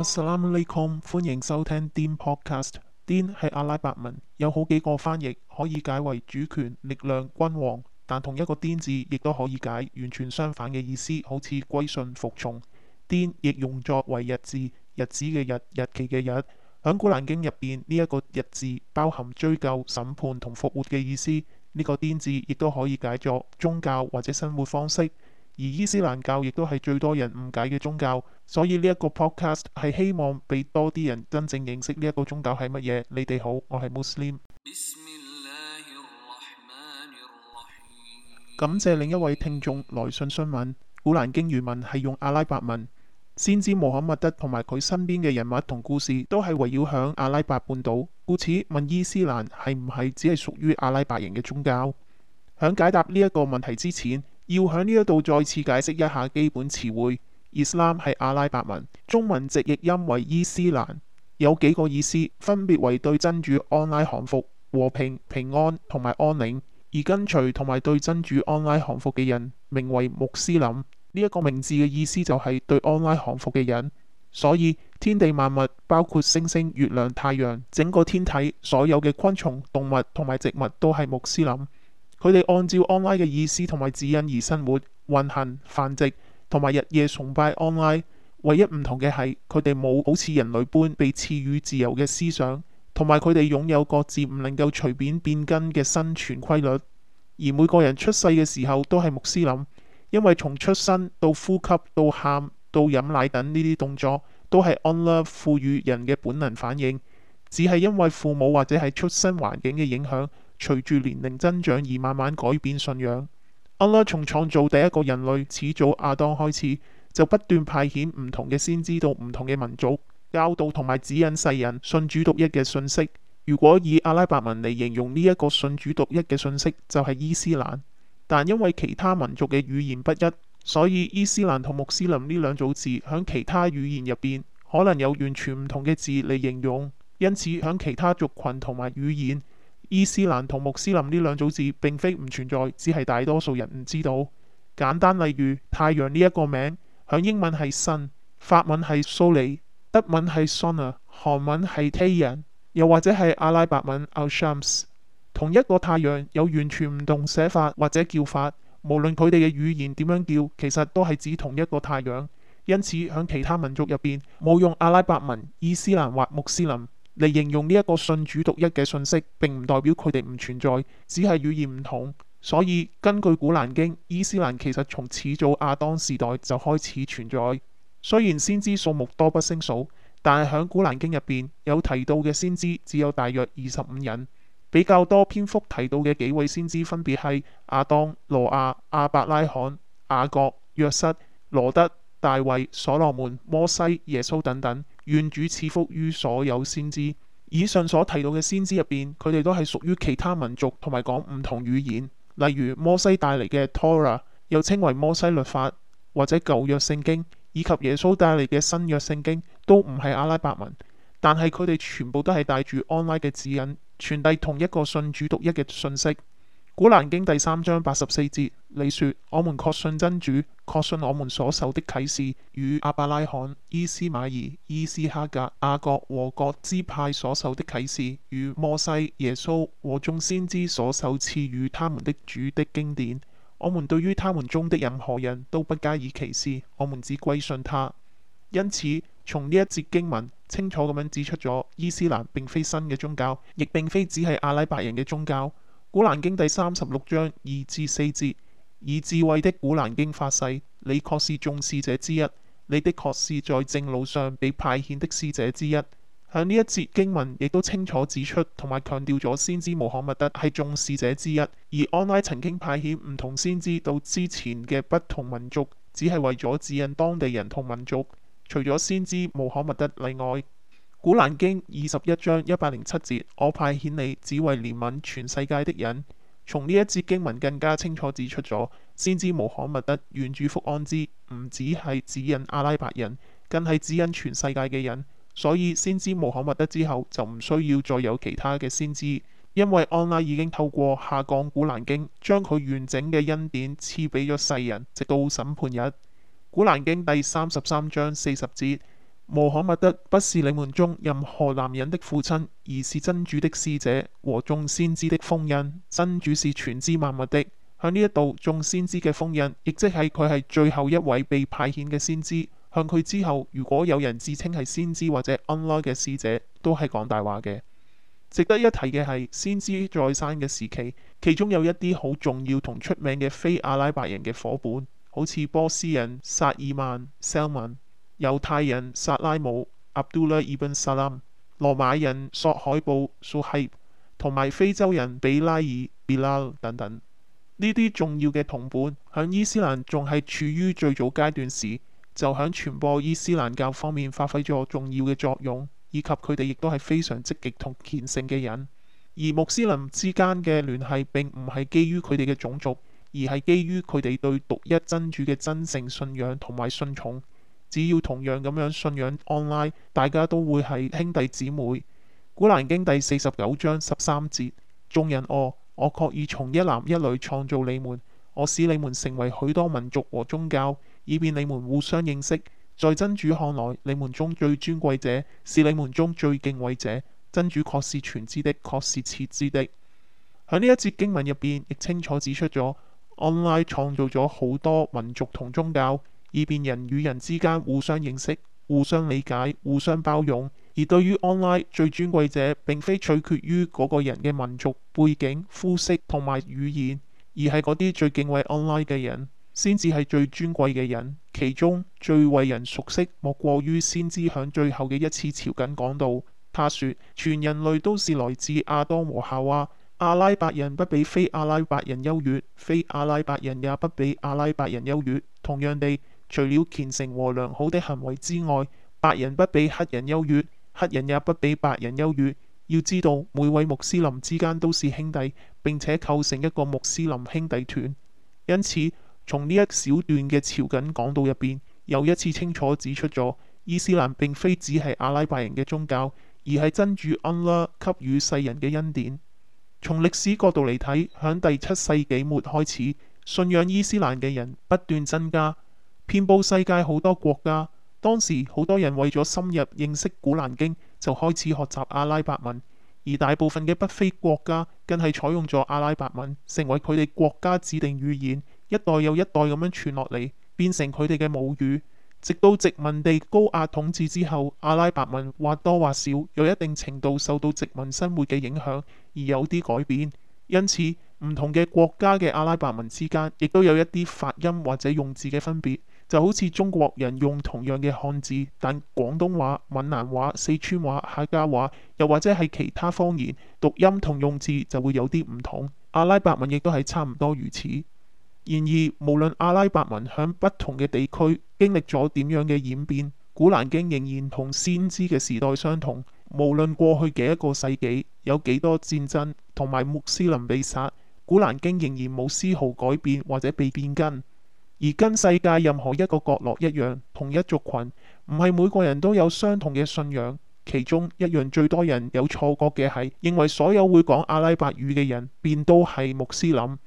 Assalamualaikum，歡迎收聽 Dian Podcast。Dian 係阿拉伯文，有好幾個翻譯，可以解為主權、力量、君王，但同一個 Dian 字亦都可以解完全相反嘅意思，好似歸順、服從。Dian 亦用作為日字，日子嘅日、日期嘅日。喺古蘭經入邊，呢一個日字包含追究、審判同復活嘅意思。呢個 Dian 字亦都可以解作宗教或者生活方式。而伊斯蘭教亦都係最多人誤解嘅宗教，所以呢一個 podcast 係希望俾多啲人真正認識呢一個宗教係乜嘢。你哋好，我係 Muslim。感謝另一位聽眾來信詢問：古蘭經原文係用阿拉伯文，先知穆罕默德同埋佢身邊嘅人物同故事都係圍繞響阿拉伯半島，故此問伊斯蘭係唔係只係屬於阿拉伯人嘅宗教？響解答呢一個問題之前。要喺呢一度再次解釋一下基本詞彙。Islam 係阿拉伯文，中文直譯音為伊斯蘭，有幾個意思，分別為對真主安拉降服、和平、平安同埋安寧。而跟隨同埋對真主安拉降服嘅人，名為穆斯林。呢、這、一個名字嘅意思就係對安拉降服嘅人。所以天地萬物，包括星星、月亮、太陽，整個天體，所有嘅昆蟲、動物同埋植物，都係穆斯林。佢哋按照安拉嘅意思同埋指引而生活、運行、繁殖，同埋日夜崇拜安拉。唯一唔同嘅係，佢哋冇好似人類般被賜予自由嘅思想，同埋佢哋擁有各自唔能夠隨便變更嘅生存規律。而每個人出世嘅時候都係穆斯林，因為從出生到呼吸、到喊、到飲奶等呢啲動作，都係安拉賦予人嘅本能反應，只係因為父母或者係出生環境嘅影響。隨住年齡增長而慢慢改變信仰。阿拉從創造第一個人類始祖亞當開始，就不斷派遣唔同嘅先知到唔同嘅民族，教導同埋指引世人信主獨一嘅信息。如果以阿拉伯文嚟形容呢一個信主獨一嘅信息，就係伊斯蘭。但因為其他民族嘅語言不一，所以伊斯蘭同穆斯林呢兩組字喺其他語言入邊可能有完全唔同嘅字嚟形容。因此喺其他族群同埋語言。伊斯蘭同穆斯林呢兩組字並非唔存在，只係大多數人唔知道。簡單例如太陽呢一個名，響英文係 sun，法文係 soleil，德文係 Sonne，韓文係태양，又或者係阿拉伯文 al-shams。同一個太陽有完全唔同寫法或者叫法，無論佢哋嘅語言點樣叫，其實都係指同一個太陽。因此響其他民族入邊冇用阿拉伯文、伊斯蘭或穆斯林嚟形容呢一個信主獨一嘅信息，並唔代表佢哋唔存在，只係語言唔同。所以根據古蘭經，伊斯蘭其實從始祖亞當時代就開始存在。雖然先知數目多不勝數，但係喺古蘭經入邊有提到嘅先知只有大約二十五人。比較多篇幅提到嘅幾位先知分別係亞當、羅亞、亞伯拉罕、雅各、約瑟、羅德、大衛、所羅門、摩西、耶穌等等。願主賜福於所有先知。以上所提到嘅先知入邊，佢哋都係屬於其他民族同埋講唔同語言。例如摩西帶嚟嘅《Torah》，又稱為摩西律法或者舊約聖經，以及耶穌帶嚟嘅新約聖經，都唔係阿拉伯文，但係佢哋全部都係帶住安拉嘅指引，傳遞同一個信主獨一嘅信息。古蘭經第三章八十四節，你說我們確信真主，確信我們所受的啟示與阿伯拉罕、伊斯瑪爾、伊斯哈格、雅各和各支派所受的啟示與摩西、耶穌和眾先知所受賜予他們的主的經典。我們對於他們中的任何人都不加以歧視，我們只歸信他。因此，從呢一節經文清楚咁樣指出咗，伊斯蘭並非新嘅宗教，亦並非只係阿拉伯人嘅宗教。《古蘭經》第三十六章二至四節，以智慧的《古蘭經》發誓，你確是眾使者之一，你的確是在正路上被派遣的使者之一。響呢一節經文亦都清楚指出同埋強調咗先知穆罕默德係眾使者之一，而安拉曾經派遣唔同先知到之前嘅不同民族，只係為咗指引當地人同民族。除咗先知穆罕默德例外。古蘭經二十一章一百零七節，我派遣你只為憐憫全世界的人。從呢一節經文更加清楚指出咗，先知穆罕默德，願主福安之，唔只係指引阿拉伯人，更係指引全世界嘅人。所以先知穆罕默德之後，就唔需要再有其他嘅先知，因為安拉已經透過下降古蘭經，將佢完整嘅恩典賜俾咗世人，直到審判日。古蘭經第三十三章四十節。穆罕默德不是你們中任何男人的父親，而是真主的使者和眾先知的封印。真主是全知萬物的。向呢一度，眾先知嘅封印，亦即係佢係最後一位被派遣嘅先知。向佢之後，如果有人自稱係先知或者安拉嘅使者，都係講大話嘅。值得一提嘅係，先知在生嘅時期，其中有一啲好重要同出名嘅非阿拉伯人嘅伙伴，好似波斯人薩爾曼 Salman。猶太人薩拉姆阿卜杜拉爾本薩拉姆、羅馬人索海布索海，同埋非洲人比拉爾比拉爾等等，呢啲重要嘅同伴喺伊斯蘭仲係處於最早階段時，就喺傳播伊斯蘭教方面發揮咗重要嘅作用，以及佢哋亦都係非常積極同虔誠嘅人。而穆斯林之間嘅聯繫並唔係基於佢哋嘅種族，而係基於佢哋對獨一真主嘅真誠信仰同埋信從。只要同樣咁樣信仰安拉，大家都會係兄弟姊妹。古蘭經第四十九章十三節：眾人哦，我確已從一男一女創造你們，我使你們成為許多民族和宗教，以便你們互相認識。在真主看來，你們中最尊貴者是你們中最敬畏者。真主確是全知的，確是徹知的。喺呢一節經文入邊，亦清楚指出咗安拉創造咗好多民族同宗教。以便人與人之間互相認識、互相理解、互相包容。而對於安拉最尊貴者，並非取決於嗰個人嘅民族背景、膚色同埋語言，而係嗰啲最敬畏安拉嘅人，先至係最尊貴嘅人。其中最為人熟悉，莫過於先知響最後嘅一次朝覲講道。他說：全人類都是來自亞當和夏娃。阿拉伯人不比非阿拉伯人優越，非阿拉伯人也不比阿拉伯人優越。同樣地，除了虔誠和良好的行為之外，白人不比黑人優越，黑人也不比白人優越。要知道，每位穆斯林之間都是兄弟，並且構成一個穆斯林兄弟團。因此，從呢一小段嘅朝覲講到入邊，又一次清楚指出咗伊斯蘭並非只係阿拉伯人嘅宗教，而係真主安拉給予世人嘅恩典。從歷史角度嚟睇，響第七世紀末開始，信仰伊斯蘭嘅人不斷增加。遍佈世界好多國家，當時好多人為咗深入認識《古蘭經》，就開始學習阿拉伯文。而大部分嘅北非國家更係採用咗阿拉伯文，成為佢哋國家指定語言，一代又一代咁樣傳落嚟，變成佢哋嘅母語。直到殖民地高壓統治之後，阿拉伯文或多或少有一定程度受到殖民生活嘅影響，而有啲改變。因此，唔同嘅國家嘅阿拉伯文之間，亦都有一啲發音或者用字嘅分別。就好似中國人用同樣嘅漢字，但廣東話、閩南話、四川話、客家話，又或者係其他方言，讀音同用字就會有啲唔同。阿拉伯文亦都係差唔多如此。然而，無論阿拉伯文響不同嘅地區經歷咗點樣嘅演變，古蘭經仍然同先知嘅時代相同。無論過去嘅一個世紀，有幾多戰爭，同埋穆斯林被殺，古蘭經仍然冇絲毫改變或者被變更。而跟世界任何一個角落一樣，同一族群，唔係每個人都有相同嘅信仰。其中一樣最多人有錯覺嘅係認為所有會講阿拉伯語嘅人便都係穆斯林。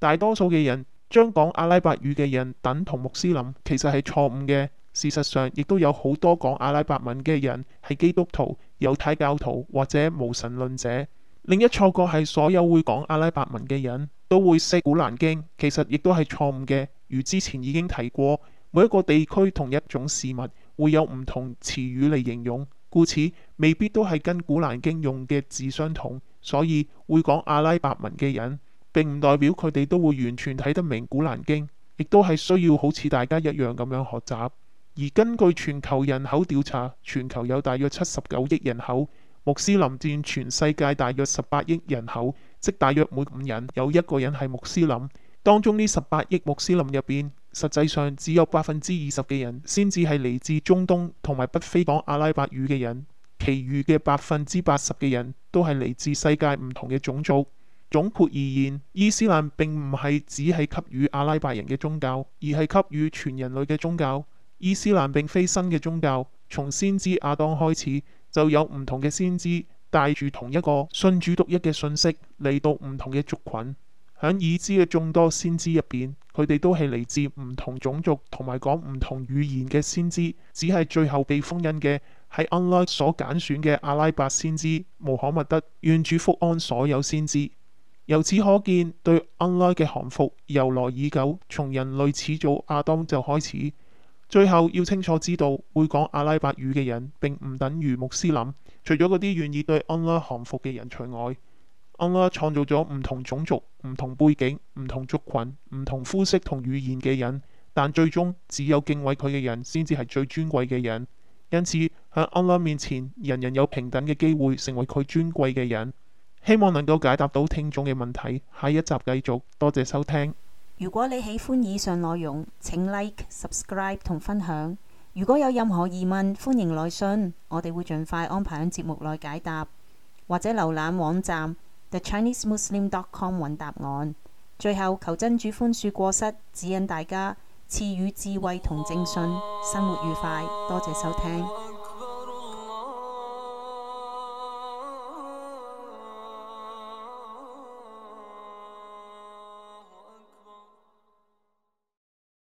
大多數嘅人將講阿拉伯語嘅人等同穆斯林，其實係錯誤嘅。事實上，亦都有好多講阿拉伯文嘅人係基督徒、猶太教徒或者無神論者。另一錯覺，係所有會講阿拉伯文嘅人都會識古蘭經，其實亦都係錯誤嘅。如之前已經提過，每一個地區同一種事物會有唔同詞語嚟形容，故此未必都係跟《古蘭經》用嘅字相同，所以會講阿拉伯文嘅人並唔代表佢哋都會完全睇得明《古蘭經》，亦都係需要好似大家一樣咁樣學習。而根據全球人口調查，全球有大約七十九億人口，穆斯林佔全世界大約十八億人口，即大約每五人有一個人係穆斯林。當中呢十八億穆斯林入面，實際上只有百分之二十嘅人先至係嚟自中東同埋北非講阿拉伯語嘅人，其餘嘅百分之八十嘅人都係嚟自世界唔同嘅種族。總括而言，伊斯蘭並唔係只係給予阿拉伯人嘅宗教，而係給予全人類嘅宗教。伊斯蘭並非新嘅宗教，從先知亞當開始，就有唔同嘅先知帶住同一個信主獨一嘅信息嚟到唔同嘅族群。喺已知嘅眾多先知入邊，佢哋都係嚟自唔同種族同埋講唔同語言嘅先知，只係最後被封印嘅喺安拉所揀選嘅阿拉伯先知，穆罕默德願主福安所有先知。由此可見，對安拉嘅降服由來已久，從人類始祖亞當就開始。最後要清楚知道，會講阿拉伯語嘅人並唔等於穆斯林，除咗嗰啲願意對安拉降服嘅人除外。安拉創造咗唔同種族、唔同背景、唔同族群、唔同膚色同語言嘅人，但最終只有敬畏佢嘅人先至係最尊貴嘅人。因此喺安拉面前，人人有平等嘅機會成為佢尊貴嘅人。希望能夠解答到聽眾嘅問題，下一集繼續。多謝收聽。如果你喜歡以上內容，請 like、subscribe 同分享。如果有任何疑問，歡迎來信，我哋會盡快安排喺節目內解答，或者瀏覽網站。TheChineseMuslim dot com 揾答案，最後求真主寬恕過失，指引大家，賜予智慧同正信，生活愉快。多謝收聽。